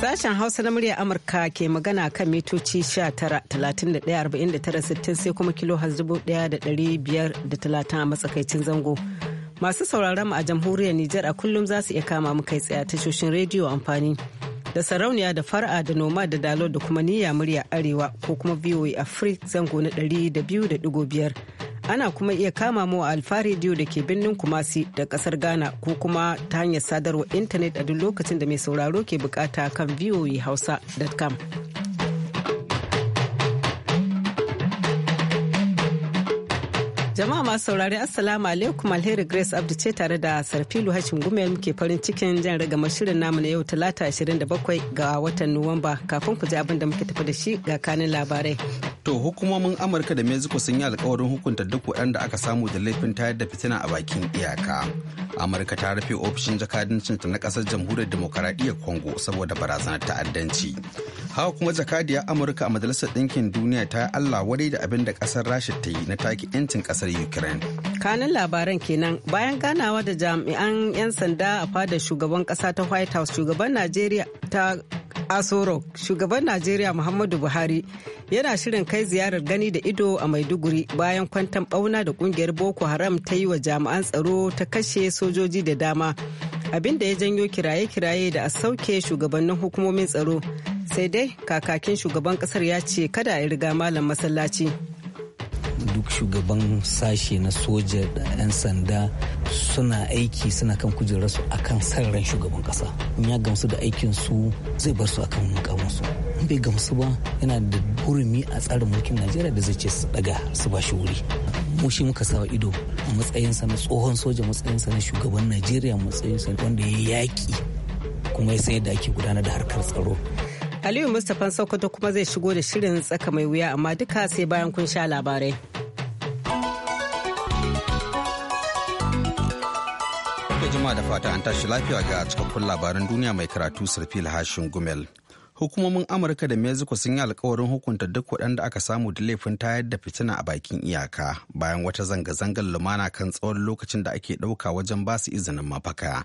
Sashen Hausa na murya Amurka ke magana kan mitoci sittin sai kuma kilo talatin a matsakaicin zango. Masu sauraron mu a jamhuriyar Nijar a kullum za su iya kama mu kai tsaye tashoshin rediyo amfani da sarauniya da fara da noma da dalo da kuma niyya murya arewa ko kuma VOA free zango na 200.5 ana kuma iya kama mu a alfa rediyo da ke birnin kumasi da kasar ghana ko kuma ta hanyar sadarwar intanet a duk lokacin da mai sauraro ke bukata kan voahausa.com e Jama'a masu saurari Assalamu alaikum Alheri Grace Abdu ce tare da Sarfilu Hashim Gumel muke farin cikin jan ragama shirin namu na yau Talata 27 ga watan Nuwamba kafin ku ji abin da muke tafi da shi ga kanin labarai. To hukumomin Amurka da Mexico sun yi alkawarin hukunta duk waɗanda aka samu da laifin tayar da fitina a bakin iyaka. Amurka ta rufe ofishin ta na ƙasar jamhuriyar demokaradiyyar Congo saboda barazanar ta'addanci. Haka kuma jakadiyar Amurka a Majalisar Ɗinkin Duniya ta yi Allah wadai da abin da ƙasar Rasha ta yi na taki 'yancin ƙasar ukraine kanin labaran kenan bayan ganawa da jami'an 'yan sanda a fadar shugaban kasa ta white house shugaban najeriya ta asoro shugaban najeriya muhammadu buhari yana shirin kai ziyarar gani da ido a maiduguri bayan kwantan bauna da kungiyar boko haram ta yi wa jami'an tsaro ta kashe sojoji da dama abin da ya janyo kiraye-kiraye da a sauke shugabannin hukumomin tsaro sai dai kakakin shugaban kasar ya ce kada a riga malam masallaci duk shugaban sashe na soja da 'yan sanda suna aiki suna kan kujerarsu akan san ran shugaban kasa in ya gamsu da aikin su zai bar su akan mukamansu in bai gamsu ba yana da hurumi a tsarin mulkin najeriya da zai ce su daga su ba shi wuri mu shi muka sawa ido a matsayinsa na tsohon soja matsayinsa na shugaban najeriya matsayinsa wanda ya yaki kuma ya sayar da ake gudanar da harkar tsaro Aliyu Mustapha Sokoto kuma zai shigo da shirin tsaka mai wuya amma duka sai bayan kun sha labarai. juma'a da fata an tashi lafiya ga cikakkun labaran duniya mai karatu sirfil hashin gumel hukumomin amurka da mexico sun yi alkawarin hukunta duk waɗanda aka samu da laifin tayar da fitina a bakin iyaka bayan wata zanga-zangar lumana kan tsawon lokacin da ake ɗauka wajen ba su izinin mafaka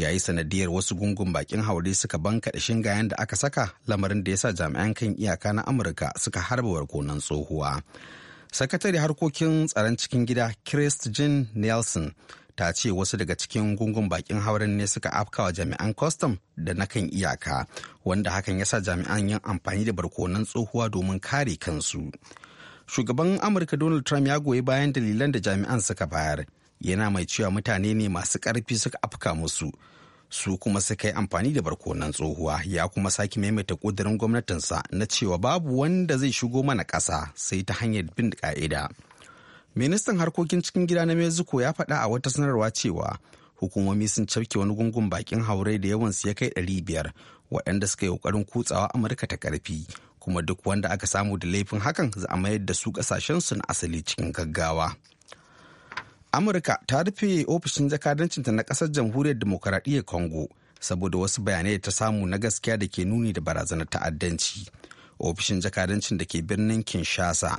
yayi sanadiyar wasu gungun bakin haure suka banka da shingayen da aka saka lamarin da ya sa jami'an kan iyaka na amurka suka harba barkonan tsohuwa sakatare harkokin tsaron cikin gida jean nelson ta ce wasu daga cikin gungun bakin hauren ne suka afkawa jami'an kwastam da na kan iyaka wanda hakan ya sa jami'an yin amfani da barkonan tsohuwa domin kare kansu shugaban amurka donald trump ya goyi bayan dalilan da jami'an suka bayar yana mai cewa mutane ne masu karfi suka afka musu su kuma suka yi amfani da barkonan tsohuwa ya kuma sake maimaita ƙudurin gwamnatinsa na cewa babu wanda zai shigo mana ƙasa sai ta hanyar bin ƙa'ida. ministan harkokin cikin gida na mexico ya faɗa a wata sanarwa cewa hukumomi sun cafke wani gungun bakin haurai da yawansu ya kai 500 waɗanda suka yi ƙoƙarin kutsawa amurka ta ƙarfi kuma duk wanda aka samu da laifin hakan za a mayar da su ƙasashen su na asali cikin gaggawa amurka ta rufe ofishin jakadancinta na ƙasar jamhuriyar demokaradiyyar congo saboda wasu bayanai da ta samu na gaskiya da ke nuni da barazanar ta'addanci ofishin jakadancin da ke birnin kinshasa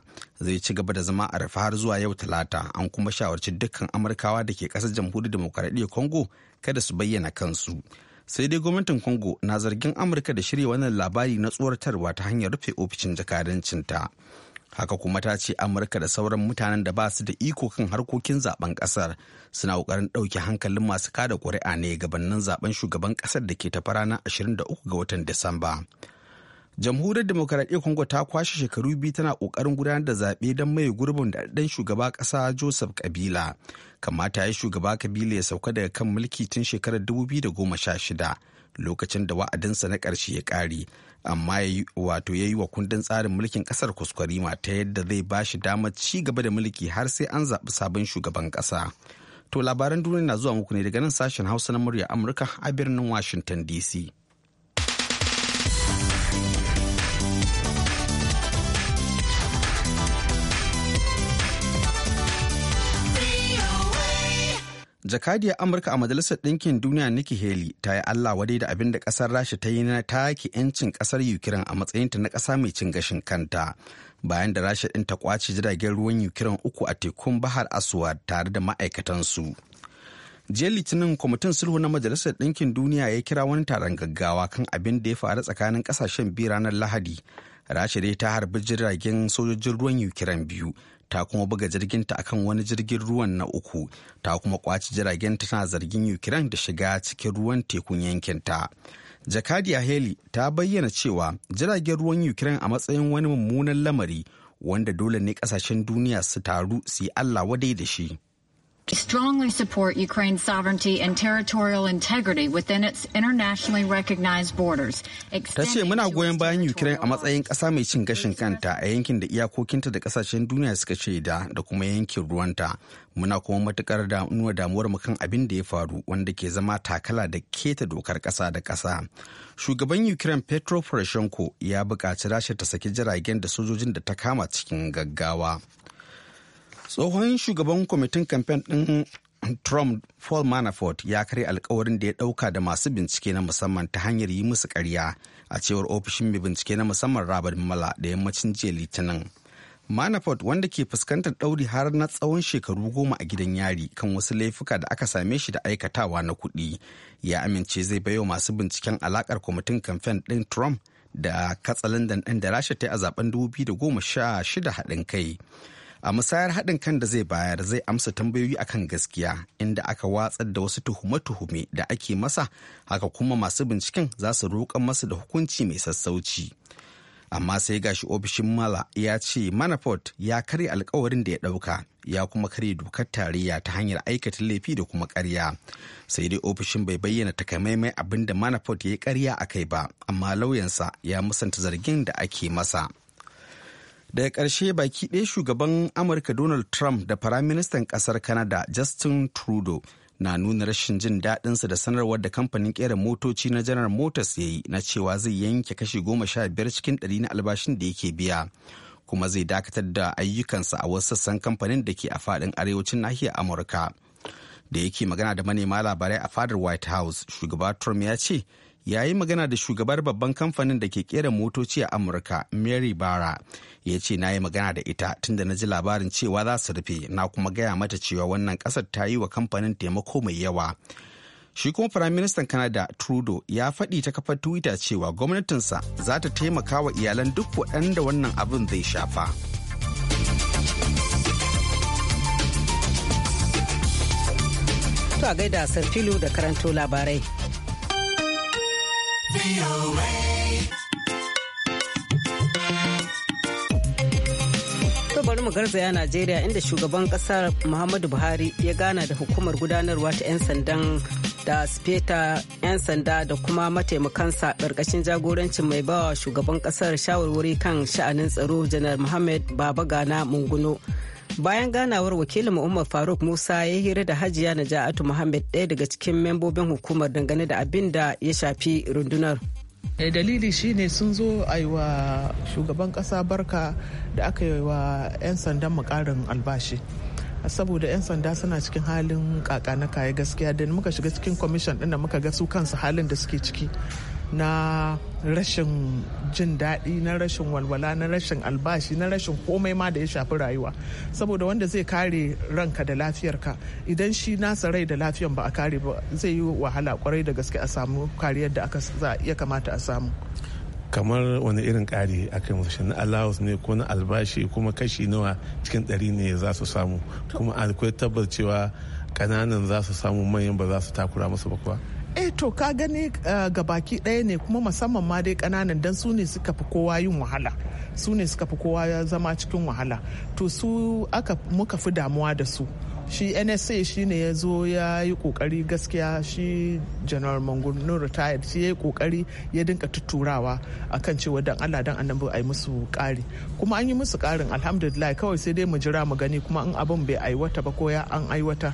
zai ci gaba da zama a rufe har zuwa yau talata an kuma shawarci dukkan amurkawa da ke ƙasar jamhuriyar demokaradiyyar congo kada su bayyana kansu sai dai gwamnatin congo na zargin amurka da shirya wannan labari na tsoratarwa ta hanyar rufe ofishin jakadancinta haka kuma ta ce amurka da sauran mutanen da ba su da iko kan harkokin zaben kasar suna kokarin ɗauke hankalin masu kada ƙuri'a ne gabanin zaben shugaban kasar da ke tafara na 23 ga watan disamba jamhuriyar demokaradiyyar congo ta kwashe shekaru biyu tana kokarin gudanar da zaɓe don mai gurbin da ɗan shugaba ƙasa joseph kabila kamata ya shugaba kabila ya sauka daga kan mulki tun shekarar 2016 lokacin da wa'adinsa na ƙarshe ya ƙare amma wato ya yi wa kundin tsarin mulkin ƙasar ma ta yadda zai ba shi damar ci gaba da mulki har sai an zaɓi sabon shugaban ƙasa to labaran duniya na zuwa muku ne daga nan sashen hausa na murya amurka a birnin washington dc jakadiyar amurka a majalisar ɗinkin duniya nikki haley ta yi allah wadai da abin da ƙasar rasha ta yi na take 'yancin ƙasar ukraine a matsayinta na ƙasa mai cin gashin kanta bayan da rasha ɗin ta kwace jiragen ruwan ukraine uku a tekun bahar aswad tare da ma'aikatansu. jiya litinin kwamitin sulhu na majalisar ɗinkin duniya ya kira wani taron gaggawa kan abin da ya faru tsakanin ƙasashen biyu ranar lahadi rasha dai ta harbi jiragen sojojin ruwan ukraine biyu ta kuma buga jirginta akan wani jirgin ruwan na uku ta kuma kwaci jiragenta tana zargin ukraine da shiga cikin ruwan tekun yankin ta. jakadiya aheli ta bayyana cewa jiragen ruwan ukraine a matsayin wani mummunan lamari wanda dole ne kasashen duniya su taru su yi allah wadai da shi strongly support Ukraine's sovereignty and territorial integrity within its internationally recognized borders. Ta ce muna goyon bayan Ukraine a matsayin ƙasa mai cin gashin kanta a yankin da iyakokinta da ƙasashen duniya suka shaida da kuma yankin ruwanta. Muna kuma matukar da nuna damuwar mu kan abin da ya faru wanda ke zama takala da keta dokar ƙasa da ƙasa. Shugaban Ukraine Petro Poroshenko ya buƙaci Rasha ta saki jiragen da sojojin da ta kama cikin gaggawa. tsohon shugaban kwamitin kamfen ɗin trump paul manafort ya karya alkawarin da ya ɗauka da masu bincike na musamman ta hanyar yi musu karya a cewar ofishin mai bincike na musamman rabar mala da yammacin jiya litinin manafort wanda ke fuskantar ɗauri har na tsawon shekaru goma a gidan yari kan wasu laifuka da aka same shi da aikatawa na kuɗi ya amince zai wa masu binciken alakar kwamitin kamfen ɗin trump da katsalandan ɗin da rasha ta yi a zaben 2016 haɗin kai a musayar haɗin kan da zai bayar zai amsa tambayoyi akan gaskiya inda aka watsar da wasu tuhume-tuhume da ake masa haka kuma masu binciken za su roƙa masa da hukunci mai sassauci amma sai gashi ofishin mala ya ce manafort ya karya alkawarin da ya ɗauka ya kuma karya dokar tarayya ta hanyar aikata laifi da kuma ƙarya. sai dai ofishin bai bayyana takamaimai abin da manafort ya yi karya a kai ba amma lauyansa ya musanta zargin da ake masa. daga ƙarshe baki ɗaya shugaban amurka donald trump da firaministan ƙasar Kanada justin trudeau na nuna rashin jin daɗinsa da sanarwar da kamfanin ƙera motoci na General motors ya yi na cewa zai yanke kashi goma sha biyar cikin ɗari na albashin da yake biya kuma zai dakatar da ayyukansa a wasu sassan kamfanin da ke a faɗin arewacin nahiyar amurka da yake magana da manema labarai a fadar white house shugaba trump ya ce yayi magana da shugabar babban kamfanin da ke kera motoci a amurka mary bara ya ce na yi magana da ita tunda na ji labarin cewa za su rufe na kuma gaya mata cewa wannan kasar ta yi wa kamfanin taimako mai yawa shi kuma firaministan Kanada trudeau ya faɗi ta kafar twitter cewa gwamnatinsa za ta taimaka wa iyalan duk waɗanda wannan abin zai shafa. a gaida Sarfilu da karanto labarai. bari mu garzaya Najeriya inda shugaban kasar Muhammadu Buhari ya gana da hukumar gudanarwa ta 'yan sandan da speta 'yan sanda da kuma mataimakansa karkashin jagorancin mai bawa shugaban kasar shawarwari kan sha'anin tsaro janar muhammad baba gana munguno bayan ganawar wakilin umar faruk musa ya hira da hajiya naja'atu muhammad ɗaya daga cikin membobin hukumar dangane da abin da ya shafi rundunar e dalili shine sun zo a yi wa shugaban kasa barka da aka yi wa 'yan sandan mukarin albashi saboda 'yan sanda suna cikin halin kaka na kaya gaskiya da muka shiga cikin kwamishin din da muka ga su kansu halin da suke ciki na rashin jin daɗi na rashin walwala na rashin albashi na rashin komai ma da ya shafi rayuwa saboda wanda zai kare ranka da lafiyarka idan shi nasa rai da lafiyan ba a kare ba zai yi wahala kwarai da gaske a samu kariyar da aka ya kamata a samu kamar wani irin kari a kai musu shi na allowance ne ko na albashi kuma kashi nawa cikin ɗari ne za su samu kuma akwai tabbar cewa ƙananan za su samu manyan ba za su takura musu ba kuwa eh to ka gani eh, ga baki ɗaya ne kuma musamman ma dai kananan dan su ne suka fi kowa yin wahala su ne suka fi kowa zama cikin wahala to su aka muka fi damuwa da su shi nsa shi ne ya zo ya yi kokari gaskiya shi general no retired shi ya yi kokari ya dinka tuturawa kan cewa dan allah dan annabi a yi musu kari kuma an yi musu karin alhamdulillah kawai sai dai mu jira mu gani kuma in abin bai aiwata ba ko ya an aiwata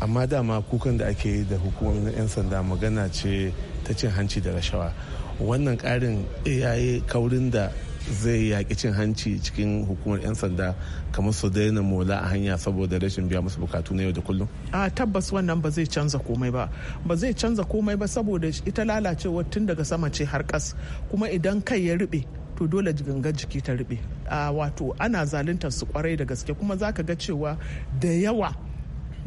amma dama kukan da ake yi da hukumomin 'yan sanda magana ce ta cin hanci da rashawa wannan karin ya yi kaurin da zai yaki cin hanci cikin hukumar 'yan sanda kamar su daina mola a hanya saboda rashin biya musu bukatu na yau da kullum? a tabbas wannan ba zai canza komai ba ba zai canza komai ba saboda ita lalacewa tun daga sama ce har kas kuma idan kai ya ruɓe to dole ganga jiki ta ruɓe a wato ana zaluntar su kwarai da gaske kuma zaka ga cewa da yawa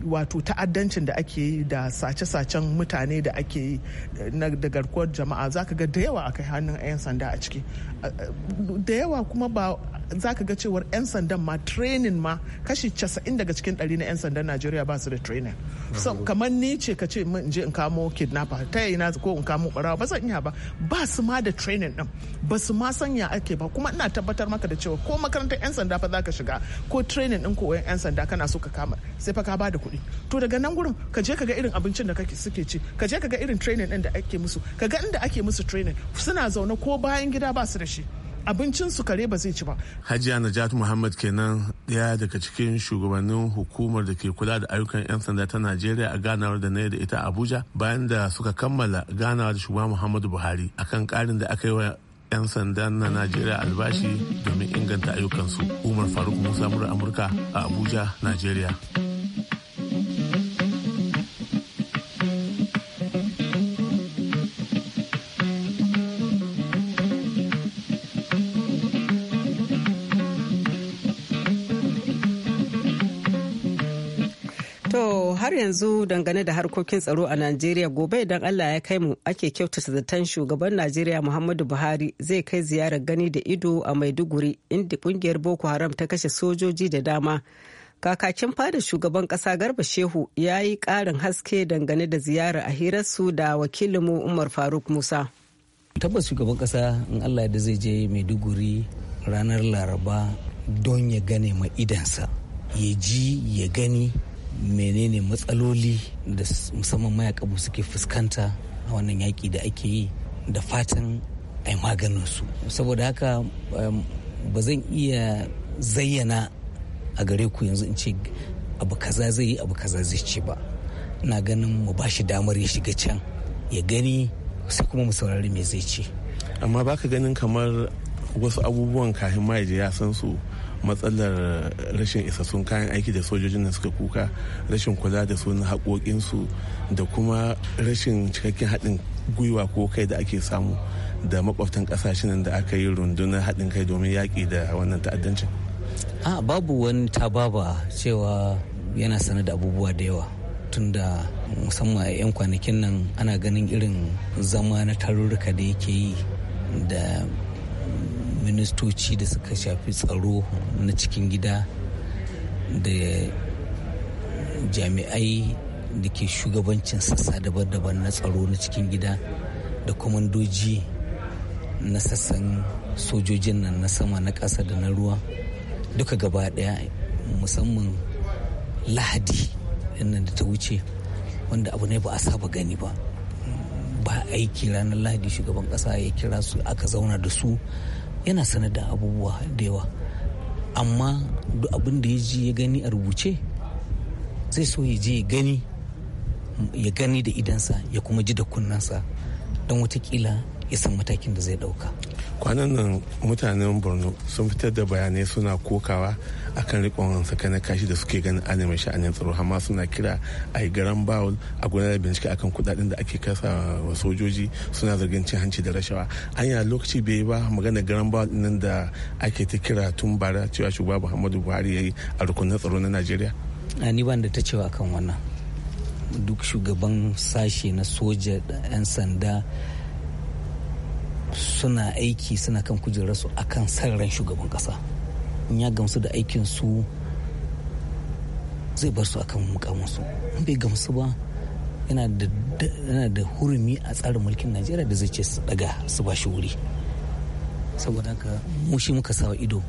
wato ta'addancin da ake yi da sace-sacen mutane da ake yi eh, da garkuwar jama'a za ka ga da yawa akai hannun 'yan sanda a ciki da yawa kuma ba za ka ga cewar 'yan sandan ma training ma kashi 90 daga cikin 100 na 'yan sandan najeriya ba su da training so kamar ni ce ka ce min je in kamo kidnapper ta yi na ko in kamo barawa ba zan iya ba ba su ma da training din ba su ma sanya ake ba kuma ina tabbatar maka da cewa ko makarantar 'yan sanda fa za ka shiga ko training din ko 'yan sanda kana so ka kama sai fa ka ba da kuɗi to daga nan gurin ka je ka ga irin abincin da kake suke ci ka je ka ga irin training ɗin da ake musu ka ga inda ake musu training suna zaune ko bayan gida ba su da shi abincin su kare ba zai ci ba. Hajiya Najat Muhammad kenan ɗaya daga cikin shugabannin hukumar da ke kula da ayyukan 'yan sanda ta Najeriya a ganawar da na yi da ita Abuja bayan da suka kammala ganawa da shugaban Muhammadu Buhari akan ƙarin da aka yi wa 'yan sandan na Najeriya albashi domin inganta ayyukansu. Umar Faruk Musa Mura Amurka a Abuja, Najeriya. yanzu dangane da harkokin tsaro a Najeriya gobe idan Allah ya kai mu ake kyautata zaton shugaban Najeriya Muhammadu Buhari zai kai ziyarar gani da ido a Maiduguri inda kungiyar Boko Haram ta kashe sojoji da dama. Kakakin fada shugaban kasa Garba Shehu ya yi karin haske dangane da ziyarar a hirarsu da wakilinmu Umar Faruk Musa. Tabbas shugaban kasa in Allah da zai je Maiduguri ranar Laraba don ya gane ma idansa ya ji ya gani menene matsaloli da musamman mayakabu suke fuskanta a wannan yaƙi da ake yi da fatan a yi su saboda haka um, ba zan iya zayyana a gare ku yanzu in ce abu kaza zai yi abu kaza zai ce ba na ganin mu ba shi damar ya shiga can ya gani sai kuma mu saurari me zai ce amma baka ganin kamar wasu abubuwan kafin ma ya san su matsalar rashin isassun kayan aiki da sojojin da suka kuka rashin kula da sunan haƙoƙinsu da kuma rashin cikakken haɗin gwiwa ko kai da ake samu da makwabtan ƙasashen da aka yi rundunar haɗin kai domin yaƙi da wannan ta'addancin a babu wani tababa cewa yana sanar da abubuwa da yawa tunda musamman a 'yan kwanakin nan ana ganin irin zama na tarurruka da yake yi da ministoci da suka shafi tsaro na cikin gida da jami'ai da ke shugabancin sassa daban-daban na tsaro na cikin gida da kwamandoji na sassan sojojin nan na sama na ƙasa da na ruwa duka gaba ɗaya musamman lahadi nan da ta wuce wanda abu ne ba a saba gani ba ba aiki ranar lahadi shugaban ƙasa ya kira su aka zauna da su yana sanar da abubuwa da yawa amma duk abin da ya ji ya gani a rubuce zai so ya je ya gani ya gani da idansa ya kuma ji da kunnansa don watakila isan matakin da zai dauka kwanan nan mutanen borno sun fitar da bayanai suna kokawa akan rikon sakanin kashi da suke ganin anima sha'anin tsaro amma suna kira a garan bawul a gudanar da bincike akan kudaden da ake kasa wa sojoji suna zargin cin hanci da rashawa anya lokaci bai ba magana garan bawul nan da ake ta kira tun bara cewa shugaba muhammadu buhari ya yi a rukunin tsaro na najeriya ni ban da ta cewa kan wannan duk shugaban sashe na soja 'yan sanda suna aiki suna kan kujerarsu a kan sararin shugaban kasa in ya gamsu da aikinsu zai bar su a kan mukamansu in bai gamsu ba yana da hurumi a tsarin mulkin najeriya da zai ce su daga su ba shi wuri saboda ka mushi muka sawa ido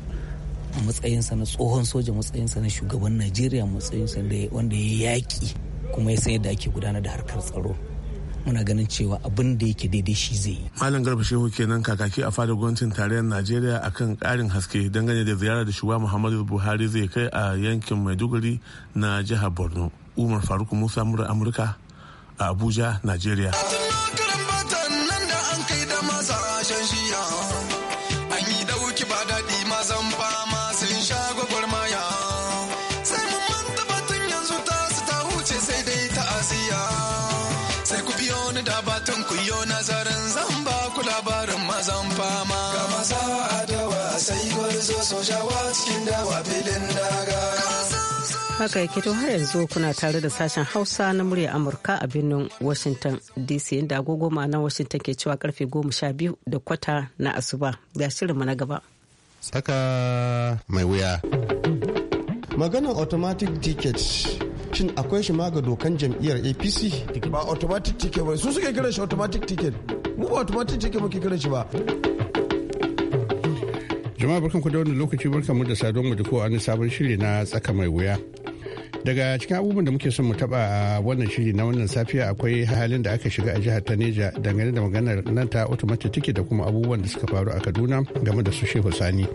a matsayinsa na tsohon soja matsayinsa na shugaban najeriya matsayinsa wanda ya yaƙi kuma ya san yadda ake gudanar da harkar tsaro muna ganin cewa abin da yake daidai shi zai yi. Malam Garba Shehu kenan kakaki a fadar gwamnatin tarayyar Najeriya akan karin haske dangane da ziyara da shugaba Muhammadu Buhari zai kai a yankin Maiduguri na jihar Borno. Umar Faruk Musa mura Amurka a Abuja, Najeriya. Haka yake to har yanzu kuna tare da sashen Hausa na murya Amurka a birnin Washington DC inda agogo na Washington ke cewa karfe goma sha biyu da kwata na asuba ga shirinmu na gaba. saka mai wuya. Maganar automatic ticket shin akwai shi ma ga dokan jam'iyyar APC? Ba automatic ticket ba su suke kiran shi automatic ticket. Mu ba automatic ticket muke kiran shi ba. jama'a ku da wannan lokaci mu da sadon mu da ko an sabon shiri na tsaka mai wuya daga cikin abubuwan da muke son mu taba a wannan shiri na wannan safiya akwai halin da aka shiga a jihar ta neja dangane da maganar nan ta automatic ticket da kuma abubuwan da suka faru a kaduna game da su shehu sani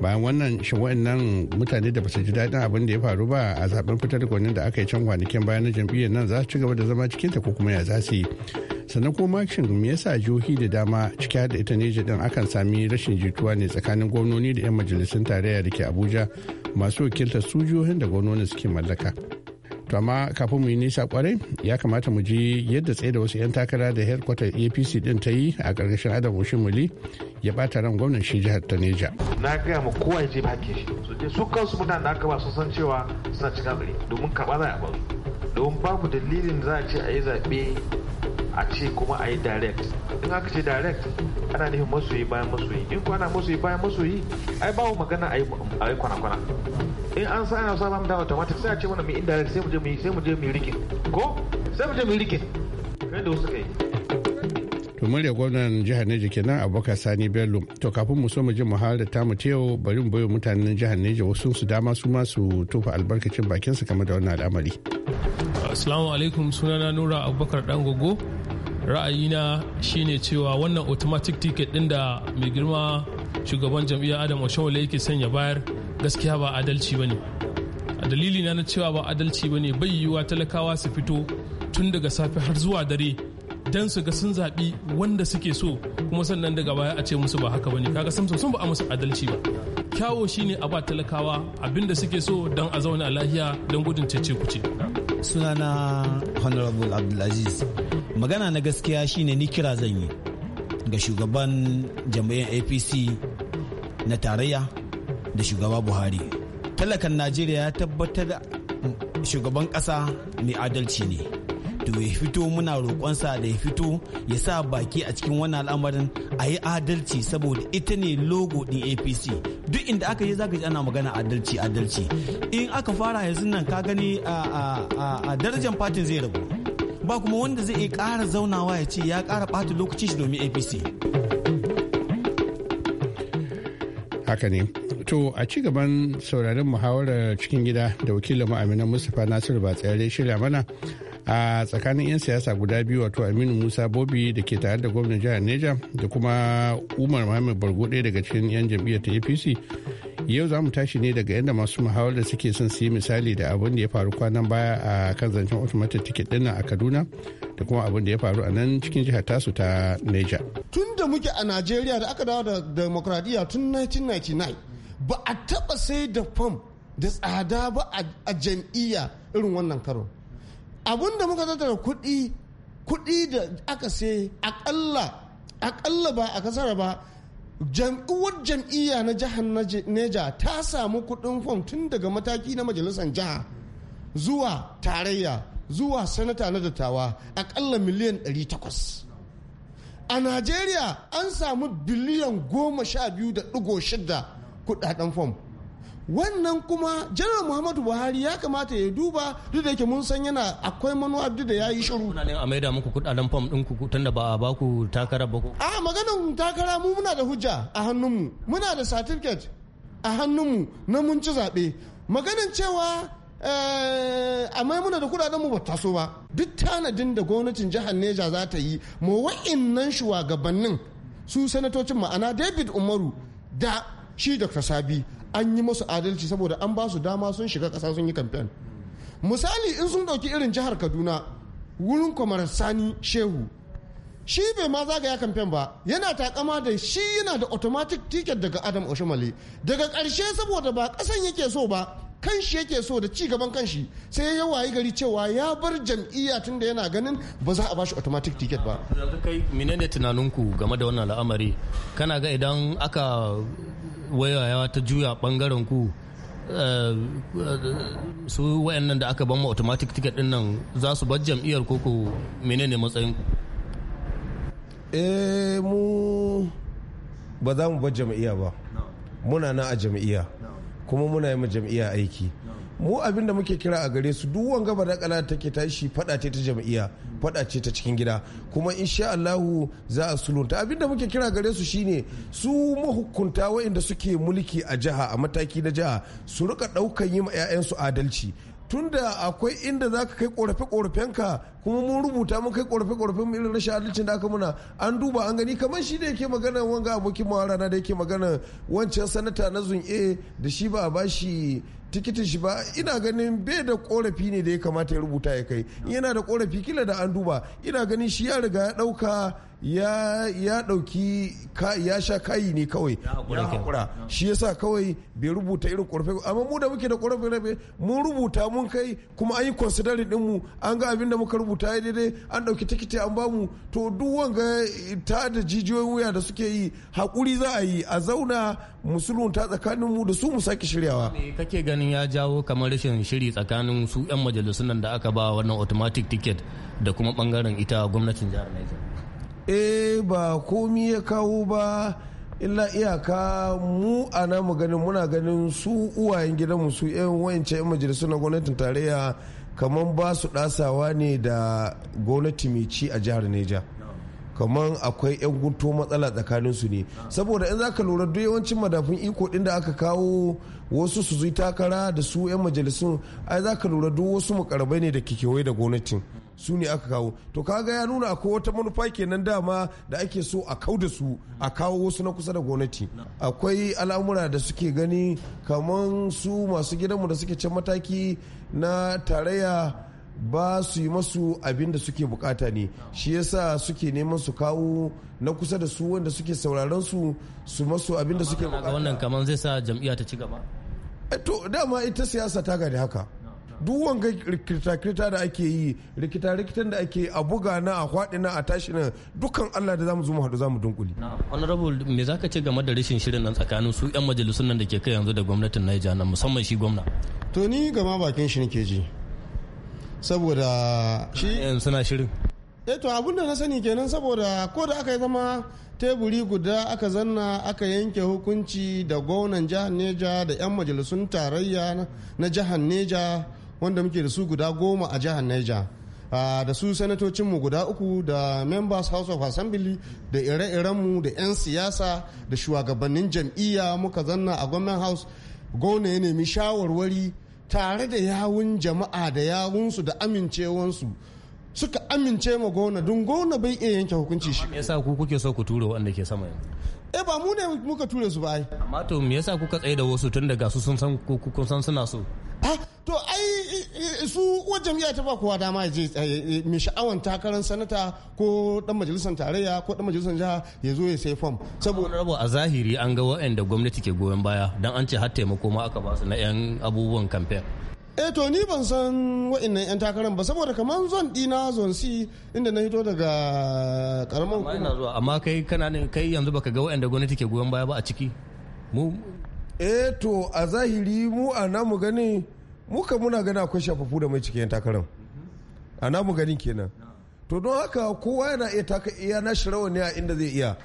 bayan wannan shin wa'annan mutane da basu ji daɗin abin da ya faru ba a zaben fitar da gwanin da aka yi can kwanakin bayan na jam'iyyar nan za su ci gaba da zama cikinta ko kuma ya za su yi sannan kuma shin me yasa jihohi da dama ciki da ita neja din akan sami rashin jituwa ne tsakanin gwamnoni da 'yan majalisun tarayya da ke abuja masu wakiltar su jihohin da gwamnoni suke mallaka to amma kafin mu yi nisa kwarai ya kamata mu ji yadda tsaye da wasu 'yan takara da headquarter apc din ta yi a ƙarƙashin adam muli ya bata ran gwamnan shi jihar ta neja na gaya ma kowa ya je ke shi su je su kansu mutane da aka ba su san cewa suna cika gari domin karɓa za a ba domin babu dalilin za a ce a yi zaɓe a ce kuma a yi direct in aka ce direct ana nufin masoyi bayan masoyi in kwana masoyi bayan masoyi ai bawo magana a yi kwana-kwana in an sa ana sa ba mu da automatic sai a ce mana mu indirect sai mu je mu yi sai mu je mu yi rikin ko sai mu je mu yi rikin kai da wasu kai to murya gwamnan jihar neja kenan abubakar sani bello to kafin mu so mu ji muhalar ta mu yau bari mu bayo mutanen jihar neja wasu su dama su ma su tofa albarkacin bakin su kamar da wannan al'amari assalamu alaikum sunana nura abubakar dan gogo ra'ayina shine cewa wannan automatic ticket din da mai girma shugaban jam'iyyar adam oshawale yake sanya bayar gaskiya ba adalci bane dalili na na cewa ba adalci bane bai yiwuwa talakawa su fito tun daga safe har zuwa dare dan su ga sun zaɓi wanda suke so kuma sannan daga baya a ce musu ba haka bane kaga samson sun ba musu adalci ba kyawo shine a ba talakawa abinda suke so dan a zauna a lafiya dan gudun cece kuce sunana honorable abdulaziz magana na gaskiya shine ni kira zan yi ga shugaban jami'an apc na tarayya da shugaba buhari talakan najeriya ya tabbatar shugaban ƙasa mai adalci ne to ya fito muna roƙonsa da ya fito ya sa baki a cikin wannan al'amarin a yi adalci saboda ita ne logo din apc duk inda aka yi zaka ji ana magana adalci adalci in aka fara yanzu nan ka gani a darajar fatin zai rabu ba kuma wanda zai iya kara zaunawa ya ce ya kara ɓata lokaci shi domin apc haka ne to a ci gaban sauraron muhawarar cikin gida da wakilin ma'aminan mustapha nasiru ba tsayar shirya mana a tsakanin 'yan siyasa guda biyu wato aminu musa bobi da ke tare da gwamnan jihar neja da kuma umar mohamed bargo ɗaya daga cikin 'yan jam'iyyar ta apc yau za mu tashi ne daga yadda masu da suke son su yi misali da abin da ya faru kwanan baya a kan zancen automatic ticket ɗin a kaduna da kuma abin da ya faru a nan cikin jihar tasu ta neja tun da muke a najeriya da aka dawo da demokradiyya tun 1999 ba a taba sai da fam da tsada ba a jam'iyya irin wannan karo abun da muka tattara kuɗi kuɗi da aka sai akalla akalla ba a kasara ba jam'iyyar jam'iyya na jihar neja ta samu kuɗin fom tun daga mataki na majalisar jiha zuwa tarayya zuwa sanata na dattawa akalla miliyan 800 a najeriya an samu biliyan goma kudaden fom wannan kuma janar muhammadu buhari ya kamata ya duba duk da yake mun san yana akwai manu duk da ya yi shiru kuna ne a maida muku kudaden fam din ku tunda ba a ba ku takara ba ku a maganan takara mu muna da hujja a hannunmu muna da certificate a hannunmu na mun ci zaɓe maganan cewa eh, amma muna da kudaden mu ba taso ba duk tanadin da gwamnatin jihar neja za ta yi ma wa'innan shugabannin su sanatocin ma'ana david umaru da shi dr sabi an yi musu adalci saboda an ba su dama sun shiga ƙasa sun yi kamfen misali in sun ɗauki irin jihar kaduna wurin kwamar sani shehu shi bai ma zagaya kamfen ba yana takama da shi yana da automatic ticket daga adam oshimale daga karshe saboda ba kasan yake so ba kan shi yake so da cigaban kan shi sai ya wayi gari cewa ya bar jam'iyya tun da yana ganin ba za a bashi automatic ticket ba yanzu kai menene tunaninku game da wannan al'amari kana ga idan aka wayawa ta juya bangaren ku eh, su wayannan da aka ban mu automatic ticket din nan za su bar jam'iyyar koko menene matsayin ku eh, mu ba za mu bar jam'iyya ba muna na a jam'iyya kuma muna yi ma jam'iyya aiki mu abin da muke kira a gare su duk wanga badakala take tashi fada ce ta jam'iyya fada ce ta cikin gida kuma insha Allahu za a sulunta abin da muke kira gare su shine su mahukunta waɗanda suke mulki a jiha a mataki na jiha su rika daukan yi ma 'ya'yansu adalci tunda akwai inda zaka kai korafe-korafenka kuma mun rubuta mun kai korafe-korafen irin rashin adalcin da aka muna an duba an gani kamar shi da yake magana wanga abokin mawarana da yake magana wancan sanata na zun da shi ba a bashi tikitin shi ba ina ganin bai da korafi ne da ya kamata ya rubuta ya kai yana da korafi kila da an duba ina ganin shi ya riga ya ɗauka. ya dauki ya sha kayi ne kawai ya hakura shi yasa kawai bai rubuta irin korafe amma mu da muke da korafe rabe mun rubuta mun kai kuma an yi considering din mu an ga abin da muka rubuta ya daidai an dauki tikiti an bamu to duk wanga ta da jijiyoyin wuya da suke yi hakuri za a yi a zauna musulun ta tsakanin mu da su mu sake shiryawa kake ganin ya jawo kamar rashin shiri tsakanin su yan majalisun nan da aka ba wannan automatic ticket da kuma bangaren ita gwamnatin jihar Niger eh ba komi ya kawo ba illa iyaka mu a namu ganin muna ganin su uwayen gidanmu su 'yan wayance 'yan majalisun na gwamnatin tarayya kamar ba su dasawa ne da gwamnati mai ci a jihar neja kamar akwai 'yan gunto matsala tsakanin su ne saboda in zaka lura duk yawancin madafin iko din da aka kawo wasu su takara da su 'yan majalisun ai zaka lura duk wasu mukarbai ne da kekewaye da gwamnatin su ne aka kawo to kaga ya nuna akwai wata manufa kenan dama da ake so a kau da su a kawo wasu na kusa da gwamnati akwai al'amura da suke gani kamar su masu gidanmu da suke can mataki na tarayya ba su yi masu abin da suke bukata ne shi yasa suke neman su kawo na kusa da su wanda suke sauraron su su masu abin da suke bukata wannan kamar zai sa jam'iyya ta ci gaba eh, to dama ita siyasa ta gani haka duk wanga rikita-rikita da ake yi rikita-rikitan da ake a buga na a kwaɗi na a tashi na dukkan Allah da zamu zo mu haɗu zamu dunkule. honorable me ka ce game da rashin shirin nan tsakanin su yan majalisun nan da ke kai yanzu da gwamnatin Niger nan musamman shi gwamna. to ni gama bakin shi ke ji saboda shi suna shirin. eh to abin da na sani kenan saboda ko da aka yi zama teburi guda aka zanna aka yanke hukunci da gwamnan jihar neja da 'yan majalisun tarayya na jihar neja wanda muke da su guda goma a jihar niger ah, da su sanatocinmu guda uku da members house of assembly da ire-irenmu da 'yan siyasa da shugabannin jam'iyya muka zanna a gwamnan house gona ya nemi shawarwari tare da yawun jama'a da yawunsu da amincewansu suka amince ma gona don gona bai iya yanke hukunci shi me yasa ku kuke so ku ture wanda ke sama yanzu eh ba mu ne muka ture su ba ai amma to me yasa kuka tsaye da wasu tun daga su sun san kun san suna so to ai su uwar jam'iyya ta ba kowa dama ya je eh, eh, mai sha'awan takarar sanata ko dan majalisar tarayya ko dan majalisar jiha ya zo ya sai fom saboda rabo a zahiri an ga wa'anda gwamnati ke goyon baya dan an ce har taimako ma aka ba su na yan abubuwan kamfen eh to ni ban san wa'annan yan takarar ba saboda kamar zon dina zon si inda na hito daga karamar kuma zuwa amma kai kana ne kai yanzu baka ga wa'anda gwamnati ke goyon baya ba a ciki mu eh to a zahiri mu a namu gani muka muna gani akwai shafafu da mai cikin takarar a namu ganin kenan to don haka kowa yana iya taka iya na shirawa ne a inda zai iya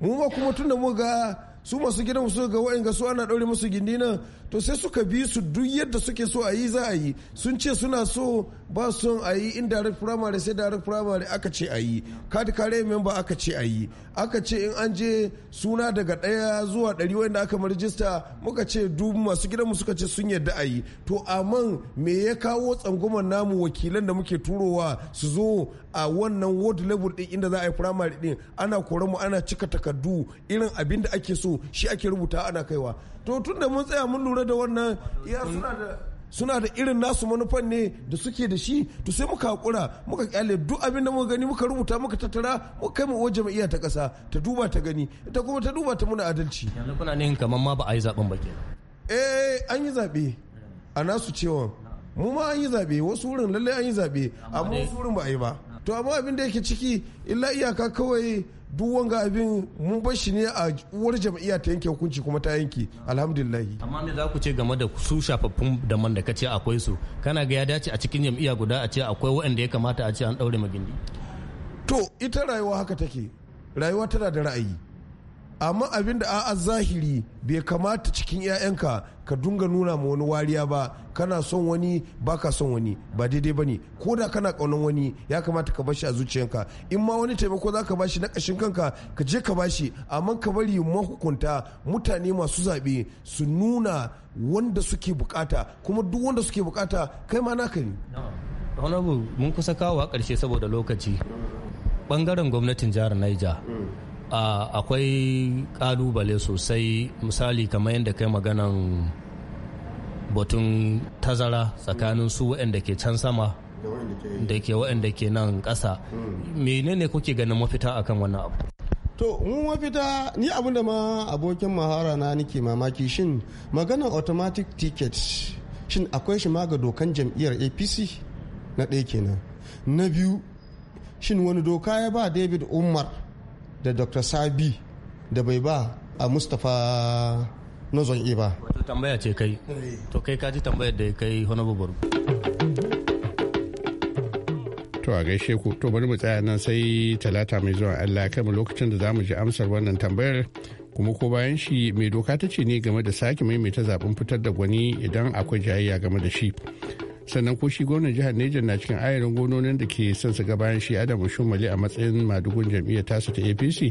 mu ma kuma tunda ga su masu gidan su ga wa'in su ana ɗaure musu gindi nan to sai suka bi su duk yadda suke so a yi za a yi sun ce suna so ba son a yi in direct primary sai direct primary aka ce a yi card carry member aka ce a yi aka ce in an je suna daga ɗaya zuwa ɗari wanda aka marijista muka ce duk masu gidan mu suka ce sun yadda a yi to amma me ya kawo tsangwamar namu wakilan da muke turowa su zo a wannan ward level din inda za a yi primary din ana koran mu ana cika takardu irin abin da ake so shi ake rubuta ana kaiwa to tun da mun tsaya mun lura da wannan ya suna da suna da irin nasu manufan ne da suke da shi to sai muka hakura muka kyale duk abin da muka gani muka rubuta muka tattara muka kai mu waje iya ta kasa ta duba ta gani ita kuma ta duba ta muna adalci yanzu kuna ne kamar ma ba a yi zaben ba eh an yi zabe a nasu cewa mu ma an yi zabe wasu wurin lalle an yi zabe amma wasu wurin ba a yi ba to amma abin da yake ciki illa iyaka kawai duk wanga abin mun bar shi ne a uwar jam'iyya ta yanke hukunci kuma ta yanke alhamdulillah amma me za ku ce game da su shafaffun da man da ka ce akwai su kana ga ya dace a cikin jam'iyya guda a ce akwai waɗanda ya kamata a ce an daure magindi to ita rayuwa haka take rayuwa tana da ra'ayi amma abin da a zahiri bai kamata cikin 'ya'yanka ka dunga nuna ma wani wariya ba kana son wani ba ka son wani ba daidai ba ne ko da kana kaunan wani ya kamata ka bashi a zuciyanka in ma wani taimako za ka bashi na ƙashin kanka ka je ka bashi amma ka bari mahukunta mutane masu zaɓe su nuna wanda suke bukata kuma duk wanda suke bukata kai ma naka ne. honorable mun kusa kawo a ƙarshe saboda lokaci ɓangaren gwamnatin jihar niger mm. akwai kalubale sosai misali kamar yadda kai maganan batun tazara tsakanin su waɗanda ke can sama da ke waɗanda ke nan ƙasa menene kuke ganin mafita akan wannan abu to mun mafita ni abin ma abokin mahara na nake mamaki shin maganan automatic ticket shin akwai shi ma ga dokan jam'iyyar apc na ɗaya kenan na biyu shin wani doka ya ba david umar da dr sabi da bai ba a mustapha nozon iba e wato tambaya ce kai to kai kaji tambayar da kai honorable to a gaishe ku to bari mu tsaya nan sai talata mai zuwa allah kai mu lokacin da za mu ji amsar wannan tambayar kuma ko bayan shi mai doka ta ce ne game da sake maimaita zaben fitar da gwani idan akwai jayayya game da shi sannan ko shi gwamnan jihar Neja na cikin ayarin gononin da ke son su bayan shi Adamu Shumali a matsayin madugun jam'iyyar tasu ta APC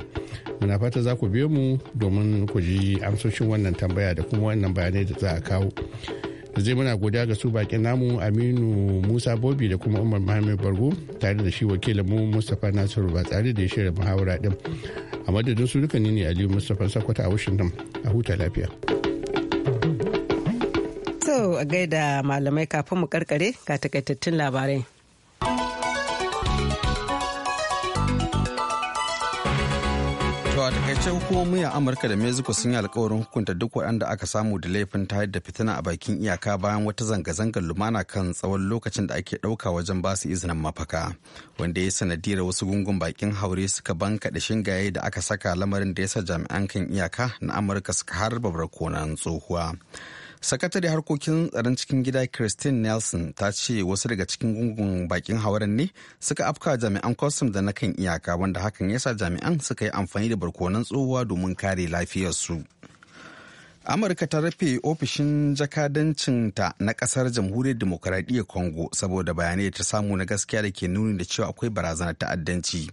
muna fata za ku biyo mu domin ku ji amsoshin wannan tambaya da kuma wannan bayanai da za a kawo zai muna godiya ga su bakin namu Aminu Musa Bobi da kuma Umar mahimmin Bargo tare da shi wakilin mu Mustapha Nasiru ba tsari da ya shirya muhawara din a madadin su duka ne Aliyu Mustapha Sakwata a Washington a huta lafiya. a gaida malamai kafin mu karkare ga takaitattun labarai. a takaice hukumomi a amurka da mexico sun yi alkawarin hukunta duk waɗanda aka samu da laifin tayar da fitina a bakin iyaka bayan wata zanga-zangar lumana kan tsawon lokacin da ake ɗauka wajen ba su izinin mafaka wanda ya sanadiyar wasu gungun bakin haure suka banka da shingaye da aka saka lamarin da ya sa jami'an kan iyaka na amurka suka harba barkonan tsohuwa sakatare harkokin tsaron cikin gida christine nelson ta ce wasu daga cikin gungun bakin hawaren ne suka afka jami'an kwastam da na kan iyaka wanda hakan yasa jami'an suka yi amfani da barkonan tsohuwa domin kare lafiyarsu. amurka ta rufe ofishin jakadancinta na kasar jamhuriyar demokuraɗiyyar congo saboda bayanai ta samu na gaskiya da ke nuni da cewa akwai barazanar ta'addanci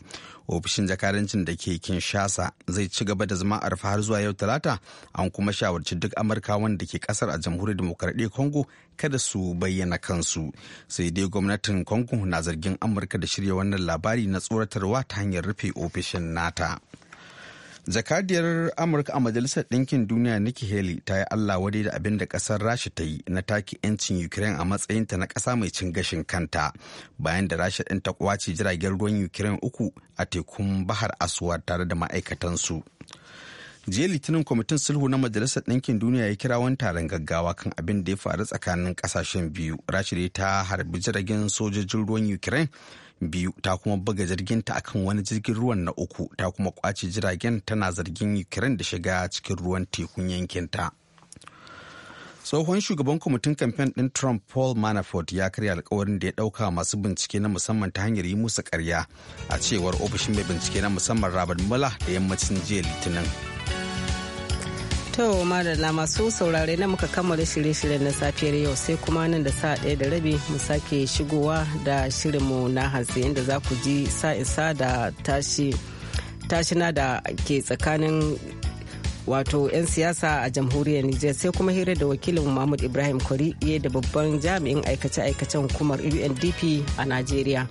ofishin jakadancin da ke kinshasa zai ci gaba da zama a har zuwa yau talata an kuma shawarci duk Amurka wanda ke kasar a jamhuriyar demokuraɗiyyar congo kada su bayyana kansu sai dai gwamnatin congo na zargin amurka da shirya wannan labari na tsoratarwa ta hanyar rufe ofishin nata. Zakadiyar Amurka a Majalisar Ɗinkin Duniya Nikki Haley ta yi Allah wadai da abin da ƙasar Rasha ta yi na taki 'yancin Ukraine a matsayinta na ƙasa mai cin gashin kanta bayan da Rasha ɗin ta kwace jiragen ruwan Ukraine uku a tekun Bahar Asuwar tare da ma'aikatansu. jiya litinin kwamitin sulhu na majalisar ɗinkin duniya ya kira wani taron gaggawa kan abin da ya faru tsakanin ƙasashen biyu rashida ta harbi jiragen sojojin ruwan ukraine biyu ta kuma buga jirginta akan wani jirgin ruwan na uku ta kuma kwace jiragen tana zargin ukraine da shiga cikin ruwan tekun ta. tsohon shugaban kwamitin kamfen ɗin trump paul manafort ya karya alkawarin da ya ɗauka masu bincike na musamman ta hanyar yi musu karya a cewar ofishin mai bincike na musamman robert mueller da yammacin jiya litinin To madalla su saurare na muka kammala shirye-shiryen na safiyar yau sai kuma nan da sa ɗaya da rabi mu sake shigowa da shirinmu na hantsi inda za ku ji isa da tashi tashina da ke tsakanin wato 'yan siyasa a jamhuriyar Nijar sai kuma hira da wakilin Mahmud Ibrahim Kwari da babban jami'in aikace-aikacen hukumar UNDP a Najeriya.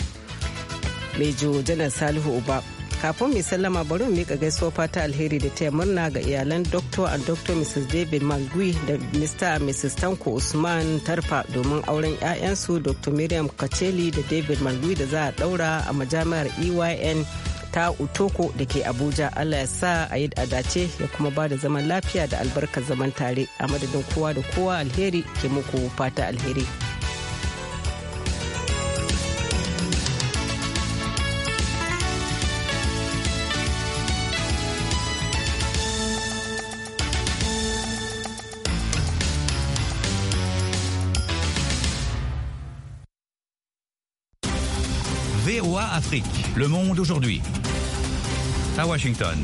Mejo Janar Salihu Uba kafin mai sallama bari mu mika gaisuwa fata alheri da taya murna ga iyalan dr and dr mrs david malgui da mr and mrs tanko usman tarfa domin auren 'ya'yansu dr miriam kaceli da david malgui da za a daura a majami'ar eyn ta utoko da ke abuja allah ya sa a yi dace ya kuma ba da zaman lafiya da albarkar zaman tare a madadin kowa da kowa alheri ke muku fata alheri Le monde aujourd'hui. À Washington.